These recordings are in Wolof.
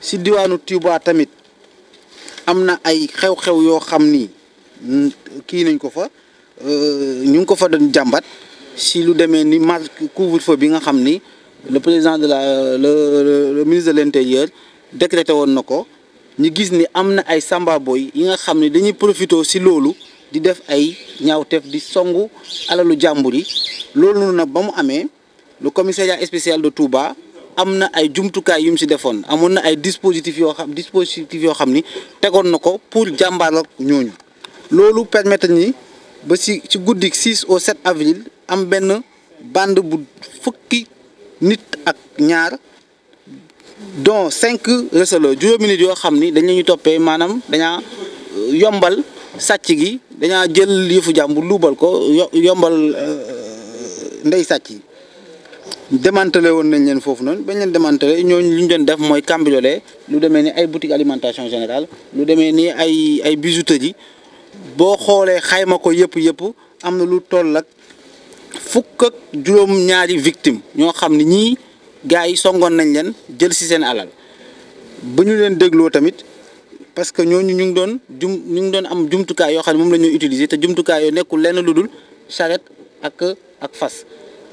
si diwaanu Touba tamit am na ay xew-xew yoo xam ni kii nañ ko fa euh, ñu ngi ko fa doon jàmbat si lu demee ni ma couvre-feu bi nga xam ni le président de la le le ministre de l'intérieur décrété woon na ko ñu gis ni am na ay samba yi nga xam ne dañuy profité si loolu di def ay ñaawteef di songu alalu jàmbur yi loolu nag ba mu amee le commissariat spécial de Touba. am na ay jumtukaay yu mu si defoon amoon na ay dispositifs yoo xam dispositifs yoo xam ni tegoon na ko pour jàmbaar ñooñu loolu permettre ni ba si ci guddi 6 au 7 avril am benn band bu fukki nit ak ñaar dont cinq receleurs juróomi nit yoo xam ni dañ la ñu toppee maanaam dañaa euh, yombal sàcc gi dañaa jël yëfu jàmbur luubal ko yombal euh, ndey sàcc yi démantelé woon nañ leen foofu noonu bañ leen démantelé ñooñu li ñu doon def mooy cambriolé lu demee ni ay boutique alimentation générale lu demee ni ay ay bijouterie boo xoolee xayma ko yëpp yëpp am na lu toll ak fukk juróom-ñaari victime ñoo xam ne ñii gars yi songoon nañ leen jël si seen alal ba ñu leen dégloo tamit parce que ñooñu ñu ngi doon jum ñu ngi doon am jumtukaay yoo xam ne moom la ñuy te jumtukaay yoo nekkul leen lu dul charrette ak ak fas.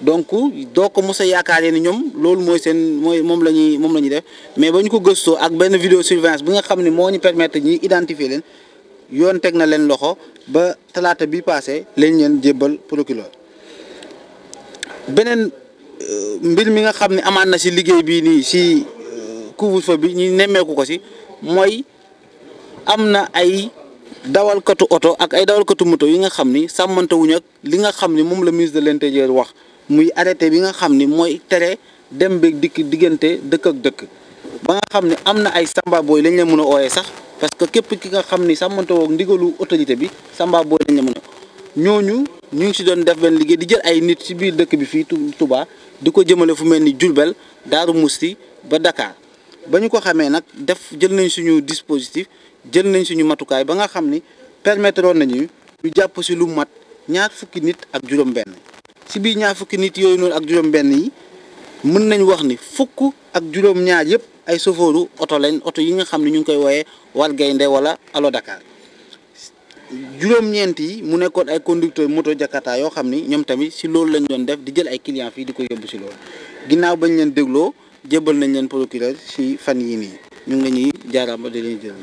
donc doo ko mos a yaakaaree ni ñoom loolu mooy seen mooy moom la ñuy moom la ñuy def mais ba ñu ko gëstoo ak benn vidéo surveillance bi nga xam ne moo ñu permettre ñuy leen yoon teg na leen loxo ba talaata bi passé lañ leen jébbal procureur beneen euh, mbir mi nga xam ne amaat na si liggéey bii nii si euh, couvre-feu bi ñu nemmeeku ko si mooy am na ay dawalkatu oto ak ay dawalkatu moto yi nga xam ni sàmmante ak li nga xam ni moom la ministre de l'intérieur wax. muy arrêté bi nga xam ni mooy tere dem beeg dikk diggante dëkk ak dëkk ba nga xam ne am na ay samba booy lañ la mën a ooyee sax parce que képp ki nga xam ni sàmmante woog ndigalu autorité bi samba booy lañ la mën a ñooñu ñu ngi si doon def benn liggéey di jël ay nit ci biir dëkk bi fii Touba di ko jëmale fu mel ni Diourbel Daaru Musti ba dakaar ba ñu ko xamee nag def jël nañ suñu dispositif jël nañ suñu matukaay ba nga xam ni permettre nañu ñu jàpp si lu mat ñaar fukki nit ak juróom ci biir ñaar fukki nit yooyu noonu ak juróom-benn yi mën nañ wax ni fukk ak juróom-ñaar yëpp ay sofooru oto lañ oto yi nga xam ne ñu ngi koy wooyee War Gaynde wala alo Dakar juróom-ñeent mu nekkoon ay conducteur moto Jakarta yoo xam ni ñoom tamit si loolu lañ doon def di jël ay clients fii di koy yóbbu si loolu ginnaaw bañ leen dégloo jëbal nañ leen procureur si fan yii nii ñu ngi la ñuy jaaraama di leen jël